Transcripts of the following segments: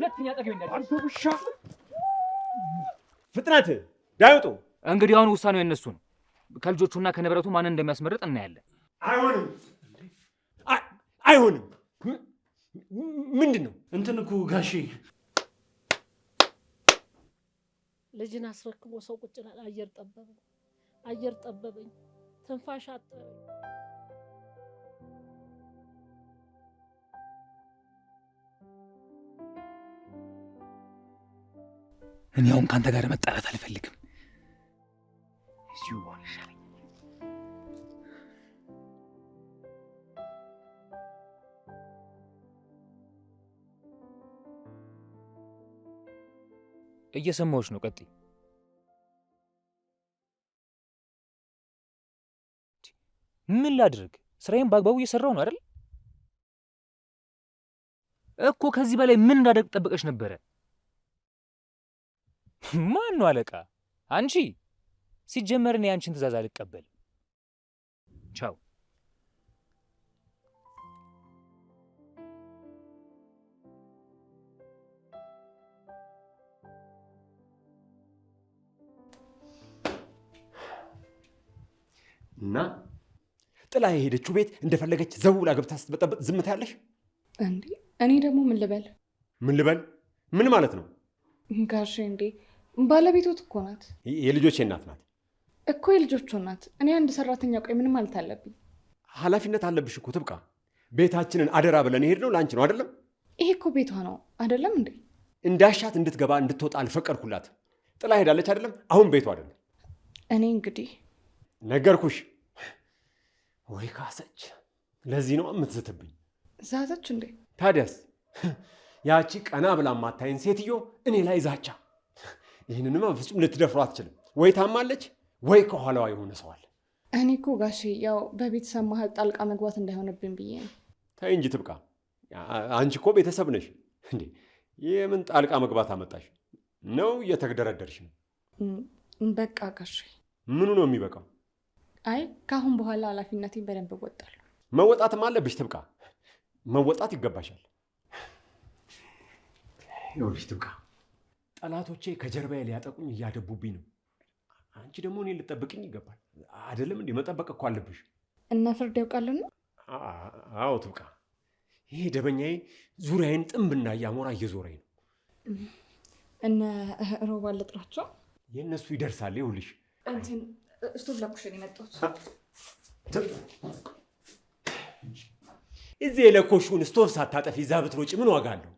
ሁለተኛ ጠገብ እንዳል አንተ ውሻ ፍጥነት ዳይወጡ። እንግዲህ አሁን ውሳኔው የነሱ ነው። ከልጆቹና ከንብረቱ ማንን እንደሚያስመርጥ እናያለን። አይሆንም፣ አይሆንም። ምንድን ነው እንትን እኮ ጋሼ ልጅን አስረክቦ ሰው ቁጭ አየር ጠበበኝ፣ አየር ጠበበኝ፣ ትንፋሽ አጠረኝ። እኔ አሁን ከአንተ ጋር መጣላት አልፈልግም። እየሰማዎች ነው። ቀጥይ። ምን ላድርግ? ስራዬን በአግባቡ እየሰራው ነው አይደል? እኮ ከዚህ በላይ ምን እንዳደርግ ጠብቀሽ ነበረ? ማን ነው አለቃ? አንቺ። ሲጀመር እኔ አንቺን ትእዛዝ አልቀበልም። ቻው። እና ጥላ የሄደችው ቤት እንደፈለገች ዘው ብላ ገብታ ስትበጠበጥ ዝም ታያለሽ እንዴ? እኔ ደግሞ ምን ልበል ምን ልበል? ምን ማለት ነው ጋሽ እንዴ ባለቤቶት እኮ ናት። የልጆቼ እናት ናት እኮ የልጆቹ እናት። እኔ አንድ ሰራተኛ ቆይ ምን ማለት አለብኝ? ኃላፊነት አለብሽ እኮ ትብቃ። ቤታችንን አደራ ብለን የሄድ ነው ለአንቺ ነው አይደለም? ይሄ እኮ ቤቷ ነው አይደለም እንዴ? እንዳሻት እንድትገባ እንድትወጣ አልፈቀድኩላት። ጥላ ሄዳለች አይደለም? አሁን ቤቷ አይደለም። እኔ እንግዲህ ነገርኩሽ ወይ ካሰች። ለዚህ ነው የምትዝትብኝ። ዛተች እንዴ? ታዲያስ ያቺ ቀና ብላ ማታይን ሴትዮ እኔ ላይ ዛቻ ይህንንማ በፍጹም ልትደፍሮ አትችልም። ወይ ታማለች ወይ ከኋላዋ የሆነ ሰዋል። እኔ እኮ ጋሼ ያው በቤተሰብ መሀል ጣልቃ መግባት እንዳይሆነብን ብዬ ነው። ተይ እንጂ ትብቃ። አንቺ እኮ ቤተሰብ ነሽ እንዴ! የምን ጣልቃ መግባት አመጣሽ? ነው እየተግደረደርሽ ነው። በቃ ጋሼ ምኑ ነው የሚበቃው? አይ ከአሁን በኋላ ኃላፊነቴን በደንብ እወጣለሁ። መወጣትም አለብሽ ትብቃ፣ መወጣት ይገባሻል። ይኸውልሽ ትብቃ ጠላቶቼ ከጀርባዬ ሊያጠቁኝ እያደቡብኝ ነው። አንቺ ደግሞ እኔ ልጠብቅኝ ይገባል አይደለም? እንዲህ መጠበቅ እኮ አለብሽ። እና ፍርድ ያውቃልና። አዎ ትብቃ። ይሄ ደበኛዬ ዙሪያዬን ጥምብና እያሞራ እየዞረኝ ነው። እነ ሮባ ልጥራቸው፣ የእነሱ ይደርሳል። ይኸውልሽ እንትን እስቶብ ለኩሽን የመጣሁት እዚህ የለኮሽውን ስቶቭ ሳታጠፊ እዛ ብትሮጪ ምን ዋጋ አለው?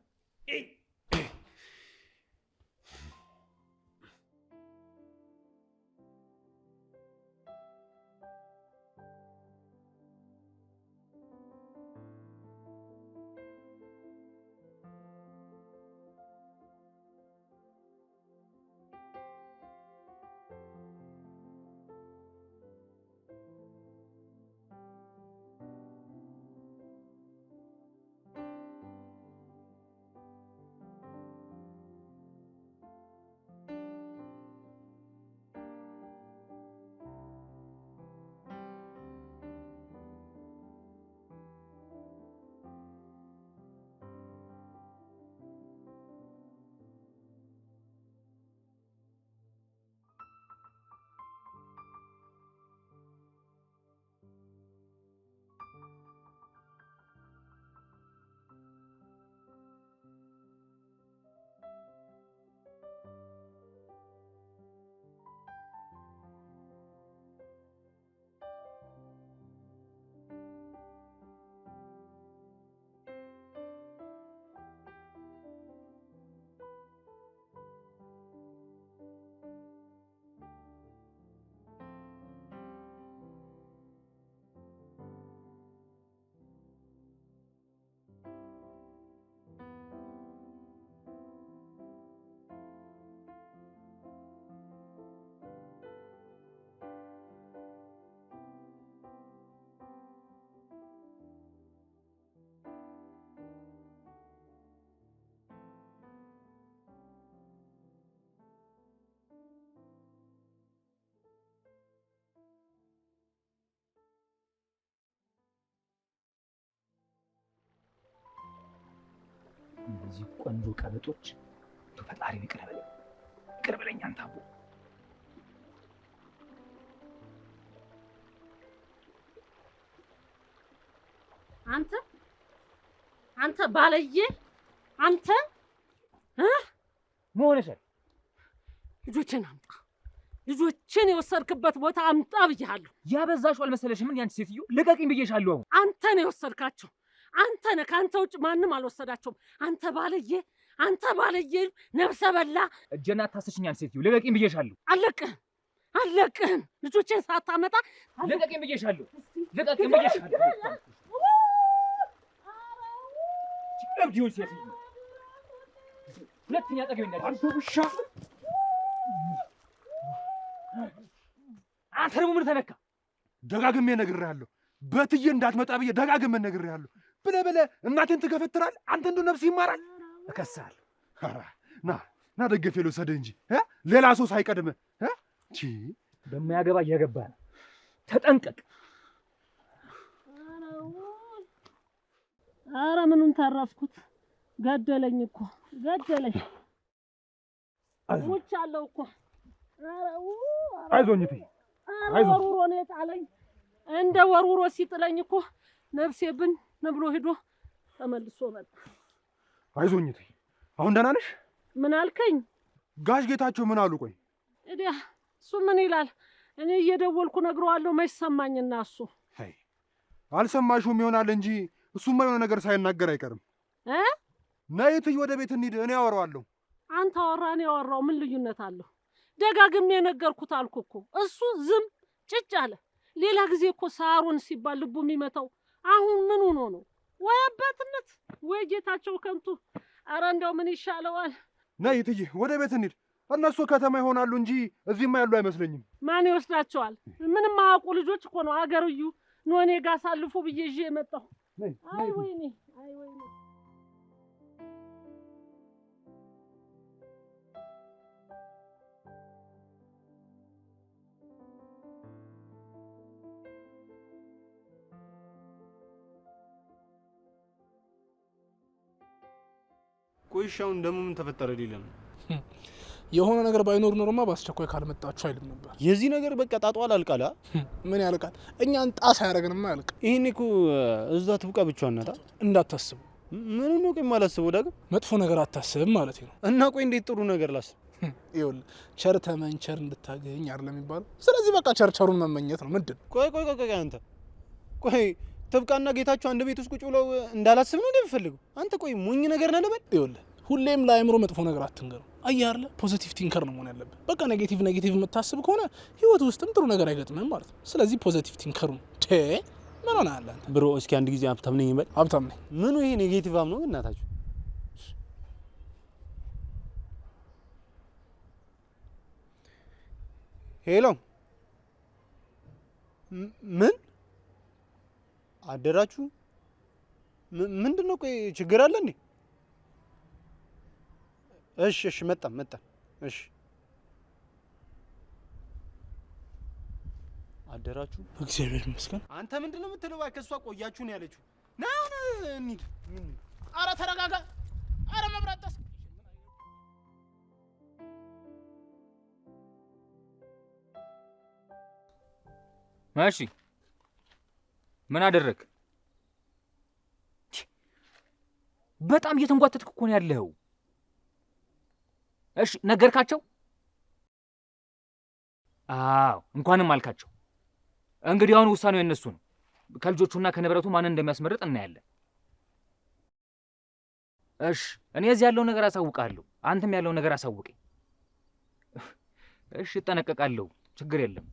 እነዚህ ቆንጆ ቀበጦች ፈጣሪ ይቅር በለኝ፣ ይቅር በለኝ አንተ አቦ። አንተ አንተ ባለዬ አንተ መሆነ ሰ ልጆችን አምጣ፣ ልጆችን የወሰድክበት ቦታ አምጣ ብያለሁ። ያበዛሽው አልመሰለሽም? ምን ያንቺ ሴትዮ ልቀቂኝ ብዬሻለሁ። አንተ ነው የወሰድካቸው አንተ ነህ። ከአንተ ውጭ ማንም አልወሰዳቸውም። አንተ ባለየ አንተ ባለየ ነብሰ በላ እጀና ታስችኛል። ሴትዮ ልቀቂኝ ብዬሻለሁ። አለቅህም አለቅህም። ልጆቼን ሳታመጣ ልቀቂኝ ብዬሻለሁ። ልቀቂኝ ብዬሻለሁ። ሁለተኛ ጠገብ አንተ ውሻ አንተ ደግሞ ምን ተነካ? ደጋግሜ ነግሬሃለሁ። በትዬ እንዳትመጣ ብዬ ደጋግሜ ነግሬሃለሁ። ብለህ ብለህ እናቴን ትገፈትራል። አንተ እንደው ነፍስ ይማራል። እከሳል። ና ና፣ ደገፌ ልውሰድህ እንጂ ሌላ ሰው ሳይቀድምህ በማያገባ እያገባ ነው። ተጠንቀቅ። አረ ምኑን ታረፍኩት? ገደለኝ እኮ ገደለኝ። አለው እኮ። አይዞኝ እቴ፣ ወሩሮ ነው የጣለኝ። እንደ ወሩሮ ሲጥለኝ እኮ ነፍሴ ብን ብሎ ሄዶ ተመልሶ መጣ። አይዞኝ እቴ፣ አሁን ደህና ነሽ? ምን አልከኝ? ጋሽ ጌታቸው ምን አሉ? ቆይ እዲያ እሱ ምን ይላል? እኔ እየደወልኩ ነግረዋለሁ። መች ሰማኝና እሱ አልሰማሽውም ይሆናል እንጂ እሱማ የሆነ ነገር ሳይናገር አይቀርም። ነይ እትዬ፣ ወደ ቤት እንሂድ፣ እኔ አወራዋለሁ። አንተ አወራ እኔ አወራው ምን ልዩነት አለው? ደጋግሜ የነገርኩት አልኩ እኮ። እሱ ዝም ጭጭ አለ። ሌላ ጊዜ እኮ ሳሮን ሲባል ልቡ የሚመታው አሁን ምን ሆኖ ነው? ወይ አባትነት ወይ ጌታቸው ከንቱ። ኧረ እንደው ምን ይሻለዋል? ነይ እትዬ ወደ ቤት እንሂድ። እነሱ ከተማ ይሆናሉ እንጂ እዚህማ ያሉ አይመስለኝም። ማን ይወስዳቸዋል? ምንም አያውቁ ልጆች እኮ ነው። አገርዩ ኖኔ ጋር አሳልፎ ብዬ ይዤ የመጣሁ አይ ወይኔ፣ አይ ወይኔ ቆይሻው እንደምን ተፈጠረ ሊለም የሆነ ነገር ባይኖር ኖሮማ በአስቸኳይ ካልመጣችሁ አይልም ነበር። የዚህ ነገር በቃ ጣጧል አልቃል። ምን ያልቃል? እኛን ጣስ አያደርግንማ ያልቃል። ይህን እኮ እዛ ትብቃ ብቻዋን ናታ። እንዳታስቡ ምን ነው ቆይ ማላስቡ ዳግም መጥፎ ነገር አታስብም ማለት ነው። እና ቆይ እንዴት ጥሩ ነገር ላስ? ይኸውልህ ቸር ተመኝ ቸር እንድታገኝ አይደለም የሚባለው። ስለዚህ በቃ ቸርቸሩን መመኘት ነው። ምንድን ቆይ ቆይ ቆይ አንተ ቆይ ተብቃና ጌታቸው አንድ ቤት ውስጥ ቁጭ ብለው እንዳላስብ ነው እንደምፈልገው። አንተ ቆይ ሞኝ ነገር ነህ ልበል። ይኸውልህ ሁሌም ለአእምሮ መጥፎ ነገር አትንገረው። አየህ አይደለ ቲንከር ነው መሆን ያለብህ። በቃ ኔጌቲቭ ኔጌቲቭ የምታስብ ከሆነ ህይወት ውስጥም ጥሩ ነገር አይገጥምም ማለት ነው። ስለዚህ ፖዚቲቭ ቲንከሩ ምን ሆነ አለ ብሮ። እስኪ አንድ ጊዜ ሀብታም ነኝ ይበል። ሀብታም ነኝ ምኑ ይሄ ኔጌቲቭ ነው እናታችሁ ሄሎ ምን አደራችሁ። ምንድን ነው? ቆይ ችግር አለ እንዴ? እሺ፣ እሺ፣ መጣም መጣም። እሺ፣ አደራችሁ። እግዚአብሔር ይመስገን። አንተ ምንድን ነው የምትለው? እባክህ፣ እሷ ቆያችሁ ነው ያለችው። ና እንሂድ። ኧረ ተረጋጋ። አረ መብራት ማሺ ምን አደረግ? በጣም እየተንጓተትክ እኮ ነው ያለኸው። እሺ ነገርካቸው? አዎ እንኳንም አልካቸው። እንግዲህ አሁን ውሳኔው የነሱ ነው። ከልጆቹና ከንብረቱ ማንን እንደሚያስመርጥ እናያለን። እሺ እኔ እዚህ ያለው ነገር አሳውቃለሁ። አንተም ያለው ነገር አሳውቀኝ። እሺ እጠነቀቃለሁ። ችግር የለም።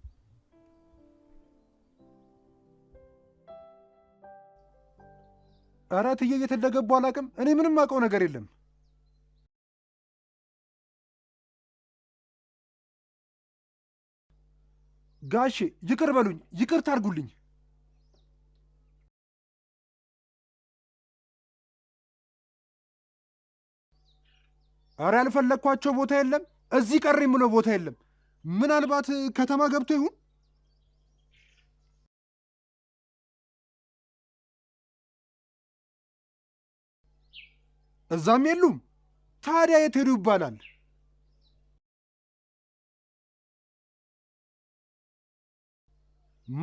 ኧረ እትዬ የት እንደገቡ እኔ ምንም አውቀው ነገር የለም። ጋሼ ይቅር በሉኝ፣ ይቅር ታርጉልኝ። ኧረ ያልፈለግኳቸው ቦታ የለም፣ እዚህ ቀር የምለው ቦታ የለም። ምናልባት ከተማ ገብቶ ይሁን እዛም የሉም። ታዲያ የት ሄዱ ይባላል?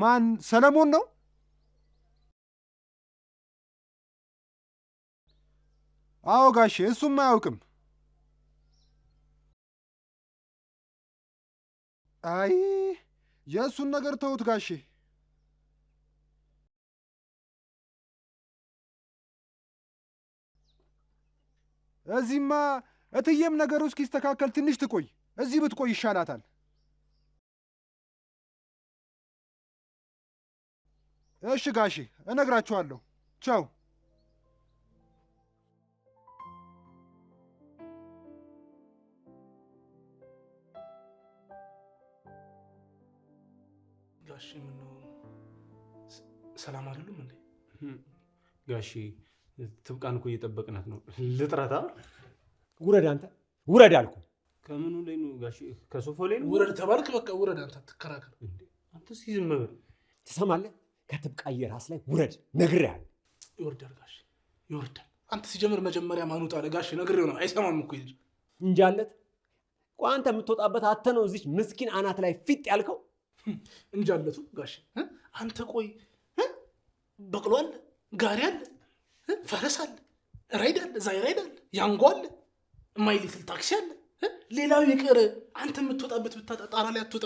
ማን ሰለሞን ነው? አዎ ጋሼ፣ እሱም አያውቅም። አይ የእሱን ነገር ተውት ጋሼ። እዚህማ እትዬም ነገሩ እስኪስተካከል ትንሽ ትቆይ፣ እዚህ ብትቆይ ይሻላታል። እሺ ጋሺ፣ እነግራችኋለሁ። ቻው። ጋሺ፣ ምነው ሰላም አይደሉም እንዴ? ጋሺ ትብቃን እኮ እየጠበቅናት ነው። ልጥረታ ውረድ፣ አንተ ውረድ አልኩ። ከምኑ ላይ ነው ጋሽ? ከሶፋ ላይ ነው። ውረድ ተባልክ፣ በቃ ውረድ። አንተ አትከራከር። አንተ እስኪ ዝም በል። ትሰማለህ? ከትብቃዬ ራስ ላይ ውረድ፣ ነግሬሃለሁ። ይወርዳል ጋሽ፣ ይወርዳል። አንተ ሲጀምር መጀመሪያ ማኑጣ አለ ጋሽ፣ ነግሬው ነው። አይሰማም እኮ ይሄ እንጃለት። ቆይ አንተ የምትወጣበት አተ ነው እዚች ምስኪን አናት ላይ ፊጥ ያልከው እንጃለቱ ጋሽ። አንተ ቆይ በቅሎ አለ ጋሪ አለ ፈረስ አለ፣ ራይድ አለ፣ ዛይ ራይድ አለ፣ ያንጎ አለ፣ ማይ ሊትል ታክሲ አለ። ሌላው ይቅር አንተ የምትወጣበት ብታጣጣራ ላይ አትወጣ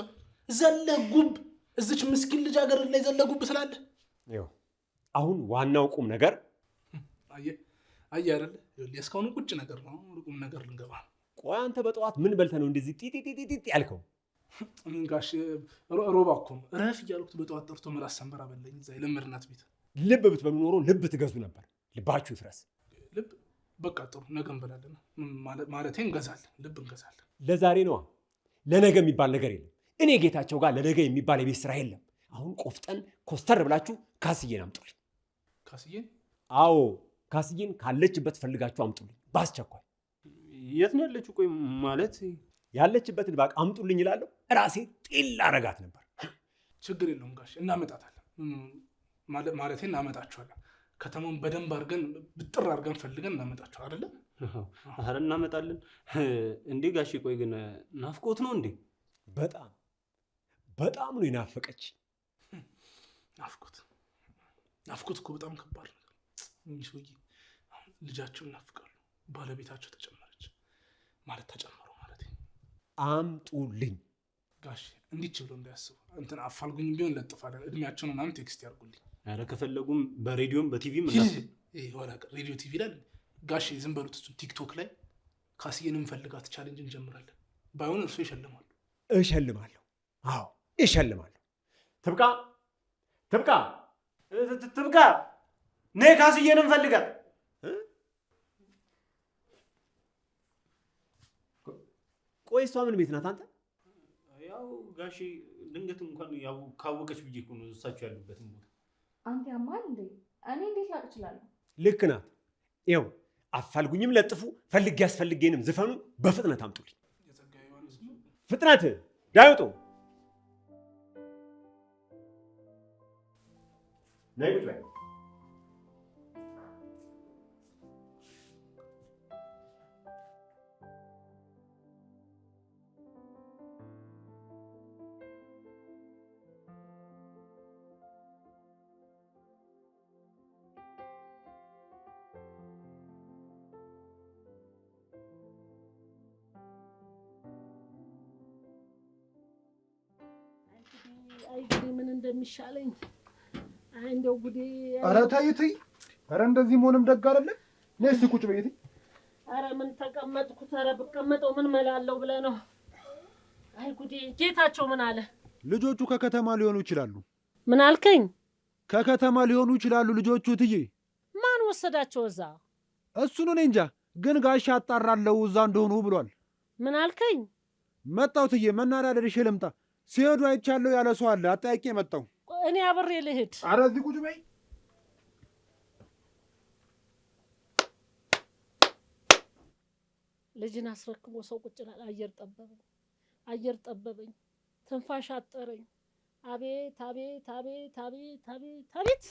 ዘለ ጉብ እዚች ምስኪን ልጅ ሀገር ላይ ዘለ ጉብ ስላለ አሁን ዋናው ቁም ነገር አየህ አይደለ እስካሁን ቁጭ ነገር ነው። ቁም ነገር ልንገባ ቆይ፣ አንተ በጠዋት ምን በልተህ ነው እንደዚህ ጢጢጢጢጢ ያልከው? ጋሽ ሮባ እኮ ነው እረፍ እያልኩት በጠዋት ጠርቶ ምላስ ሰንበራ በለኝ። እዛ የለመድናት ቤት ልብ ብትበሉ ኖሮ ልብ ትገዙ ነበር። ልባችሁ ይፍረስ። ልብ በቃ ጥሩ ነገ እንበላለን፣ ማለቴ እንገዛለን፣ ልብ እንገዛለን። ለዛሬ ነዋ፣ ለነገ የሚባል ነገር የለም። እኔ ጌታቸው ጋር ለነገ የሚባል የቤት ስራ የለም። አሁን ቆፍጠን ኮስተር ብላችሁ ካስዬን አምጡልኝ። ካስዬን? አዎ ካስዬን ካለችበት ፈልጋችሁ አምጡልኝ በአስቸኳይ። የት ነው ያለችው? ቆይ ማለት ያለችበትን እባክህ አምጡልኝ እላለሁ። እራሴ ጤል አረጋት ነበር። ችግር የለውም ጋሽ፣ እናመጣታለን። ማለቴ እናመጣችኋለን ከተማውን በደንብ አድርገን ብጥር አርገን ፈልገን እናመጣቸው አይደለም። አረ እናመጣለን። እንዴ ጋሺ ቆይ ግን ናፍቆት ነው እንዴ? በጣም በጣም ነው የናፈቀች። ናፍቆት ናፍቆት እኮ በጣም ከባድ ነገር። እኚህ ሰውዬ ልጃቸው እናፍቃሉ። ባለቤታቸው ተጨመረች ማለት ተጨመሩ ማለት አምጡልኝ ጋሽ እንዲች ብሎ እንዳያስቡ እንትን አፋልጉኝ ቢሆን ለጥፋለን። እድሜያቸውን ምናምን ቴክስት ያርጉልኝ ኧረ ከፈለጉም በሬዲዮም በቲቪም ሬዲዮ ቲቪ ላይ ጋሽ ዝም ቲክቶክ ላይ ካስዬን እንፈልጋት ቻሌንጅ እንጀምራለን። ባይሆን እርሱ ይሸልማሉ። እሸልማለሁ። አዎ ይሸልማለሁ ትብቃ ትብቃ ትብቃ፣ ኔ ካስዬን እንፈልጋት ቆይ እሷ ምን ቤት ናት? አንተ ያው ጋሼ ድንገት እንኳን ካወቀች ብዬ እኮ ነው እሳቸው ያሉበትን ቦታ አንተ ያማል እንዴ? እኔ እንዴት ላቅ እችላለሁ? ልክ ናት። ይኸው አፋልጉኝም፣ ለጥፉ፣ ፈልጌ ያስፈልጌንም ዝፈኑ፣ በፍጥነት አምጡልኝ። ፍጥነት ነይ አይ ምን እንደሚሻለኝ። አይ እንደው ጉዴ። ኧረ ተይ ትይ። ኧረ እንደዚህ መሆንም ደግ አይደለም። ነይ እስኪ ቁጭ በይ። ኧረ ምን ተቀመጥኩት? ኧረ ብቀመጠው ምን መላለው ብለህ ነው? አይ ጉዴ። ጌታቸው ምን አለ? ልጆቹ ከከተማ ሊሆኑ ይችላሉ። ምን አልከኝ? ከከተማ ሊሆኑ ይችላሉ ልጆቹ ትዬ። ማን ወሰዳቸው እዛ? እሱን እኔ እንጃ፣ ግን ጋሻ አጣራለሁ እዛ እንደሆኑ ብሏል። ምን አልከኝ? መጣሁ ትዬ። መናሪያ ደርሼ ልምጣ ሲሄዱ አይቻለሁ ያለ ሰው አለ። አጠያቂ መጣው እኔ አብሬ ልሄድ ኧረ እዚህ ቁጭ በይ። ልጅን አስረክቦ ሰው ቁጭ አየር ጠበበኝ፣ አየር ጠበበኝ፣ ትንፋሽ አጠረኝ። አቤት አቤት አቤት አቤት አቤት አቤት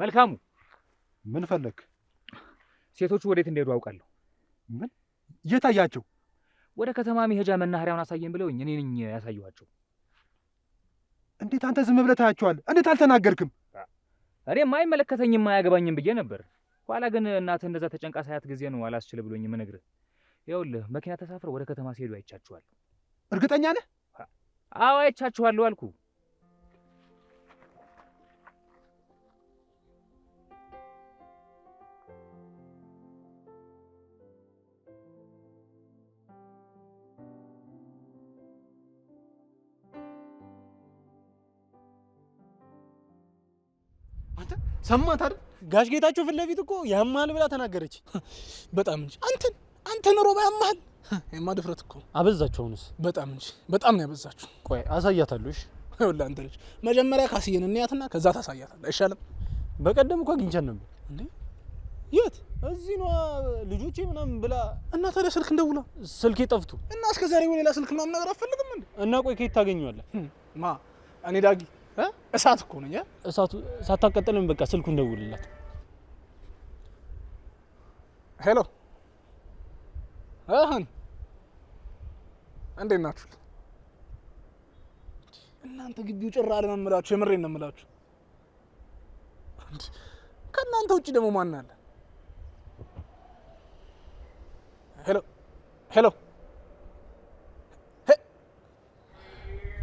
መልካሙ ምን ፈለግ? ሴቶቹ ወዴት እንደሄዱ አውቃለሁ። ምን እየታያቸው? ወደ ከተማ መሄጃ መናኸሪያውን አሳየን ብለውኝ እኔ ነኝ ያሳየኋቸው። እንዴት አንተ ዝም ብለህ ታያቸዋል? እንዴት አልተናገርክም? እኔም አይመለከተኝም አያገባኝም ብዬ ነበር። ኋላ ግን እናትህ እንደዛ ተጨንቃ ሳያት ጊዜ ነው አላስችል ብሎኝ የምነግርህ። ይኸውልህ መኪና ተሳፍረው ወደ ከተማ ሲሄዱ አይቻችኋል። እርግጠኛ ነህ? አዎ አይቻችኋለሁ አልኩ። ሰማት አይደል? ጋሽ ጌታቸው ፊት ለፊት እኮ ያማል ብላ ተናገረች። በጣም እንጂ አንተን አንተን ሮባ ያማል የማ ድፍረት እኮ አበዛችሁ። አሁንስ በጣም እንጂ በጣም ነው ያበዛችሁ። ቆይ አሳያታለሁ። እሺ ይኸውልህ አንተ ልጅ መጀመሪያ ካስዬን እንያትና ከዛ ታሳያታል አይሻልም? በቀደም እኮ አግኝቻት ነበር እንዴ? የት? እዚህ ነው ልጆቼ ምናምን ብላ እና ታዲያ ስልክ እንደውላ ስልኬ ጠፍቶ እና እስከ ዛሬ ሌላ ስልክ ምናምን ነገር አትፈልግም እንዴ? እና ቆይ ከየት ታገኘዋለህ? ማ እኔ ዳጊ እሳት እኮ ነኝ። እሳቱ ሳታቀጥልም በቃ ስልኩን ደውልላት። ሄሎ አሁን እንዴት ናችሁ? እናንተ ግቢው ጭራ አለመምላችሁ። የምሬን ነው የምላችሁ። ከእናንተ ውጭ ደግሞ ማን አለ? ሄሎ ሄሎ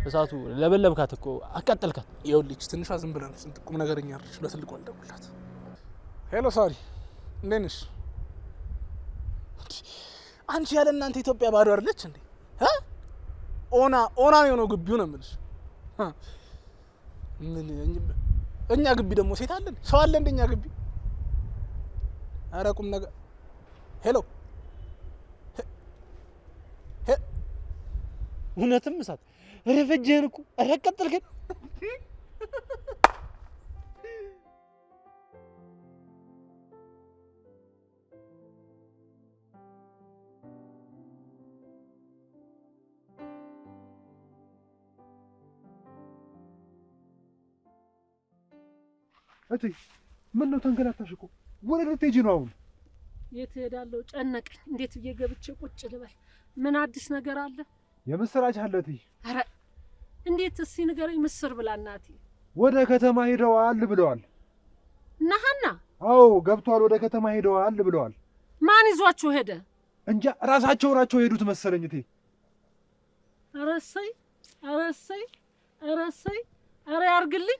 እሳቱ ለበለብካት እኮ አቃጠልካት። ይኸውልህ ትንሿ ዝም ብለን ስንት ቁም ነገረኛ አለች። ለትልቁ አልደውልላት። ሄሎ ሳሪ፣ እንዴት ነሽ? አንቺ ያለ እናንተ ኢትዮጵያ ባዶ አይደለች እንዴ? ኦና ኦና ነው የሆነው ግቢው ነው የምልሽ። ምን እኛ ግቢ ደግሞ ሴት አለን ሰው አለ እንደ እኛ ግቢ። ኧረ ቁም ነገር ሄሎ እውነትም እሳት ረፈጀህን እኮ ኧረ ቀጥልከን። እትዬ ምነው ተንገላታሽ እኮ ወደ ልትሄጂ ነው አሁን? የት እሄዳለሁ ጨነቀኝ። እንዴት ብዬ ገብቼ ቁጭ ልበል? ምን አዲስ ነገር አለ? የምስራች አለ እትዬ። ኧረ እንዴት? እስኪ ንገረኝ። ምስር ብላ እናቴ ወደ ከተማ ሄደዋል ብለዋል። ናሃና? ሀና አዎ ገብተዋል፣ ወደ ከተማ ሄደዋል ብለዋል። ማን ይዟችሁ ሄደ? እንጃ ራሳቸው ናቸው ሄዱት መሰለኝ እቴ። ኧረ እሰይ፣ ኧረ አረ ያርግልኝ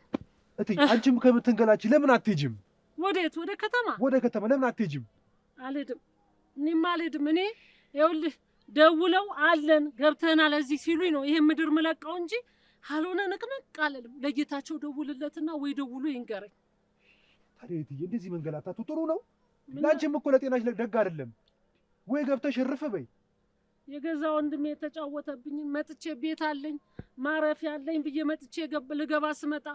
እቴ። አንቺም ከምትንገላች ለምን አትሄጂም? ወዴት? ወደ ከተማ። ወደ ከተማ ለምን አትሄጂም? አልሄድም፣ እኔማ አልሄድም። እኔ ይኸውልህ ደውለው አለን ገብተናል እዚህ ሲሉኝ ነው ይሄን ምድር ምለቀው እንጂ ካልሆነ ንቅንቅ አለልም። ለጌታቸው ደውልለትና ወይ ደውሉ ይንገረኝ። ታዲያ እትዬ እንደዚህ መንገላታቱ ጥሩ ነው? ለአንቺም እኮ ለጤናሽ ደግ አይደለም። ወይ ገብተሽ እርፍ በይ። የገዛ ወንድሜ የተጫወተብኝ መጥቼ ቤት አለኝ ማረፊያ አለኝ ብዬ መጥቼ ልገባ ስመጣ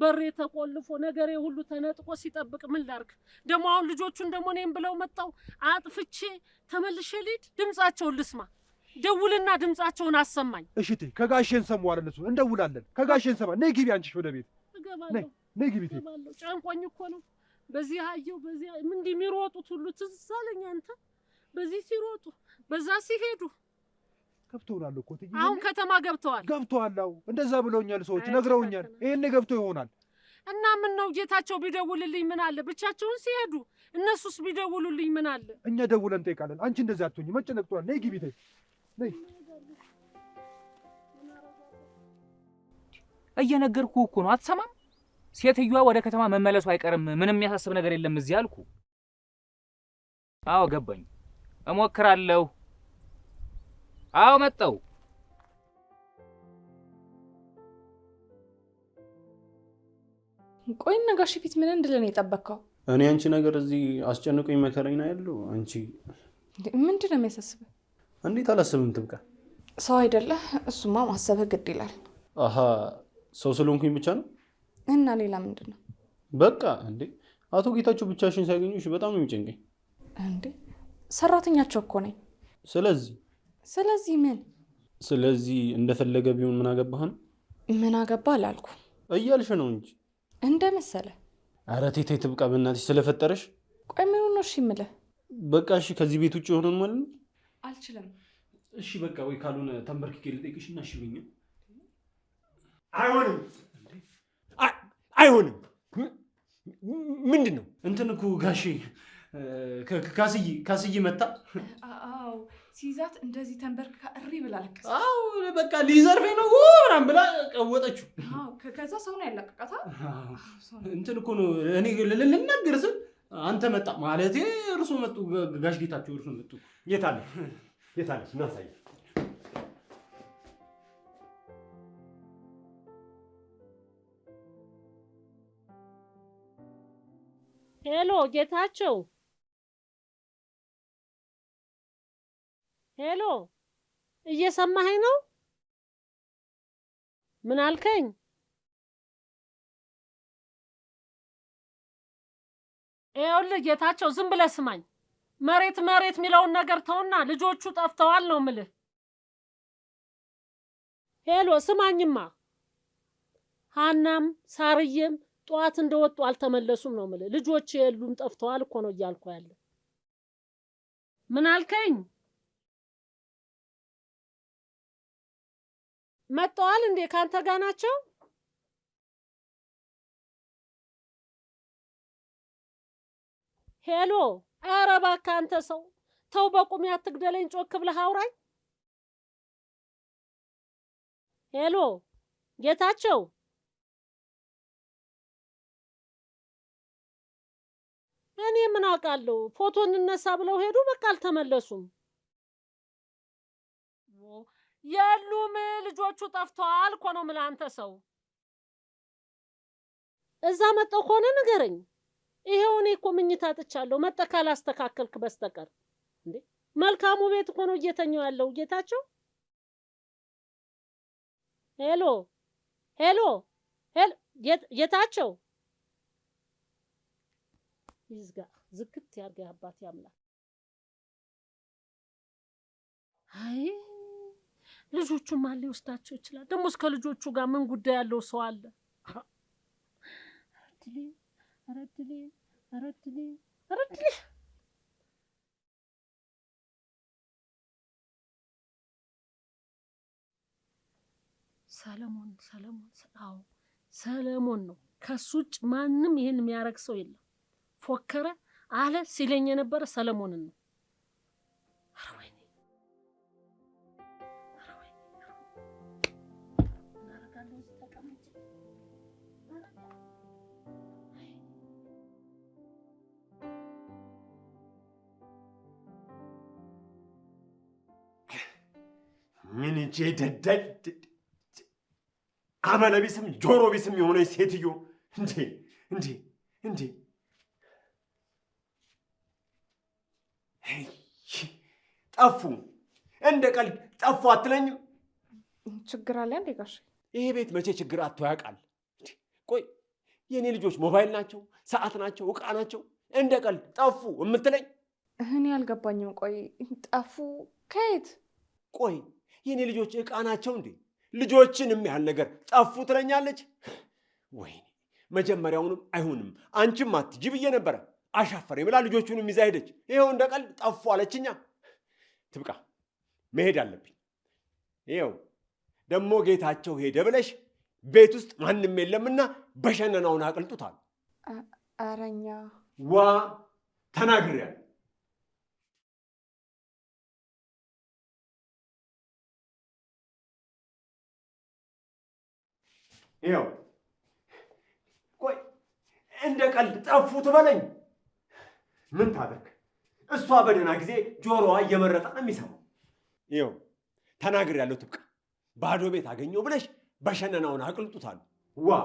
በሬ ተቆልፎ ነገሬ ሁሉ ተነጥቆ ሲጠብቅ ምን ላርግ? ደግሞ አሁን ልጆቹን ደግሞ እኔም ብለው መጣው አጥፍቼ ተመልሼ ልሂድ ድምጻቸውን ልስማ ደውልና ድምጻቸውን አሰማኝ። እሺ እቴ፣ ከጋሼ እንሰማዋለን። እንደውላለን። ከጋሼ ሰማ። ነይ ግቢ፣ አንቺሽ ወደ ቤት ነይ ነይ ግቢ። ጨንቆኝ እኮ ነው። በዚህ አየሁ፣ በዚህ እንዲህ የሚሮጡት ሁሉ ትዝ አለኝ። አንተ በዚህ ሲሮጡ፣ በዛ ሲሄዱ ገብተውናል እኮ ትዬ። አሁን ከተማ ገብተዋል፣ ገብተዋል። አዎ እንደዛ ብለውኛል፣ ሰዎች ነግረውኛል። ይሄኔ ገብቶ ይሆናል። እና ምን ነው ጌታቸው ቢደውልልኝ ምን አለ? ብቻቸውን ሲሄዱ እነሱስ ቢደውሉልኝ ምን አለ? እኛ ደውለን እንጠይቃለን። አንቺ እንደዚህ አትሆኝ፣ መጨነቅ ጥሩ። ነይ ግቢ ተይ እየነገርኩህ እኮ ነው፣ አትሰማም? ሴትዮዋ ወደ ከተማ መመለሱ አይቀርም። ምንም የሚያሳስብ ነገር የለም እዚህ አልኩ። አዎ ገባኝ፣ እሞክራለሁ። አዎ መጣሁ። ቆይ እና ጋሽ ፊት ምን እንድለን የጠበቅከው? እኔ አንቺ ነገር እዚህ አስጨንቆኝ መከረኝ ነው ያሉ። አንቺ ምንድን ነው የሚያሳስበው? እንዴት አላስብም ትብቃ? ሰው አይደለ እሱማ ማሰብህ ግድ ይላል። አሀ ሰው ስለሆንኩኝ ብቻ ነው? እና ሌላ ምንድን ነው? በቃ እንዴ አቶ ጌታቸው ብቻሽን ሲያገኙሽ በጣም ነው የሚጨንቀኝ። እንዴ ሰራተኛቸው እኮ ነኝ። ስለዚህ ስለዚህ ምን? ስለዚህ እንደፈለገ ቢሆን ምን አገባህን ምን አገባ አላልኩ እያልሽ ነው እንጂ እንደ መሰለ። ኧረ ቴቴ ትብቃ፣ በእናትሽ ስለፈጠረሽ። ቆይ ምን ሆኖ እሺ ምለ በቃ እሺ፣ ከዚህ ቤት ውጭ የሆነን ማለት ነው አልችልም። እሺ በቃ ወይ ካልሆነ ተንበርክኬ ልጠይቅሽ እና እሺ በይኝ። አይሆንም፣ አይሆንም። ምንድን ነው እንትን እኮ ጋሼ ካስይ ካስዬ መጣ። አዎ ሲይዛት እንደዚህ ተንበርክካ እሪ ብላ ለከሰ። አዎ በቃ ሊዘርፌ ነው ምናምን ብላ ቀወጠችው። ከዛ ሰው ነው ያለቀቃታ። እንትን እኮ ነው እኔ ልናገር ስል አንተ መጣ ማለት እርሶ መጡ። ጋሽ ጌታቸው እርሶ መጡ። የት አለ የት አለ? እናሳይ። ሄሎ ጌታቸው፣ ሄሎ፣ እየሰማኸኝ ነው? ምን አልከኝ? ይኸውልህ ጌታቸው ዝም ብለህ ስማኝ። መሬት መሬት የሚለውን ነገር ተውና ልጆቹ ጠፍተዋል ነው ምልህ። ሄሎ ስማኝማ፣ ሀናም ሳርዬም ጠዋት እንደወጡ አልተመለሱም ነው ምልህ። ልጆች የሉም ጠፍተዋል እኮ ነው እያልኩ ያለ። ምን አልከኝ? መጥተዋል እንዴ? ካንተ ጋ ናቸው? ሄሎ፣ ኧረ እባክህ አንተ ሰው ተው፣ በቁሜ አትግደለኝ፣ ጮክ ብለህ አውራኝ። ሄሎ፣ ጌታቸው እኔ ምን አውቃለሁ? ፎቶ እንነሳ ብለው ሄዱ፣ በቃ አልተመለሱም። የሉም ልጆቹ ጠፍተዋል እኮ ነው የምልህ አንተ ሰው። እዛ መጠው ከሆነ ንገረኝ። ይሄው እኔ እኮ ምኝታ አጥቻለሁ መጠ ካላስተካከልክ በስተቀር እንዴ መልካሙ ቤት እኮ ነው እየተኛው ያለው ጌታቸው። ሄሎ ሄሎ ሄሎ ጌታቸው ይዝጋ ዝክት ያርገ አባት ያምላክ። አይ ልጆቹም አለ ይወስዳቸው ይችላል። ደግሞ እስከ ልጆቹ ጋር ምን ጉዳይ ያለው ሰው አለ? ኧረ እድሌ ኧረ ሰለሞን ሰለሞን አዎ ሰለሞን ነው። ከሱ ውጭ ማንም ይህን የሚያረግ ሰው የለም። ፎከረ አለ ሲለኝ የነበረ ሰለሞንን ነው። ምንቼ ደደል አመለቢስም ጆሮ ቢስም የሆነች ሴትዮ እንዴ እንዴ እንዴ ጠፉ እንደ ቀልድ ጠፉ አትለኝም። ችግር አለ እንዴ ጋሽ? ይሄ ቤት መቼ ችግር አቶ ያውቃል? ቆይ የእኔ ልጆች ሞባይል ናቸው፣ ሰዓት ናቸው፣ እቃ ናቸው። እንደ ቀልድ ጠፉ የምትለኝ እኔ አልገባኝም። ቆይ ጠፉ ከየት? ቆይ የእኔ ልጆች ዕቃ ናቸው እንዴ? ልጆችን የሚያህል ነገር ጠፉ ትለኛለች። ወይኔ መጀመሪያውንም አይሁንም አንቺም አትጂ ብዬ ነበረ። አሻፈረኝ ብላ ልጆቹንም ይዛ ሄደች። ይኸው እንደ ቀልድ ጠፉ አለችኛ። ትብቃ፣ መሄድ አለብኝ። ይኸው ደግሞ ጌታቸው ሄደ ብለሽ ቤት ውስጥ ማንም የለምና በሸነናውን አቅልጡታል። አረኛ ዋ ተናግሬያለሁ ይኸው ቆይ እንደ ቀልድ ጠፉ ትበለኝ ምን ታደርግ? እሷ በደህና ጊዜ ጆሮዋ እየመረጠ ነው የሚሰማው። ይኸው ያለው ትብቅ ባዶ ቤት አገኘው ብለሽ በሸነናውን አቅልጡታል ዋ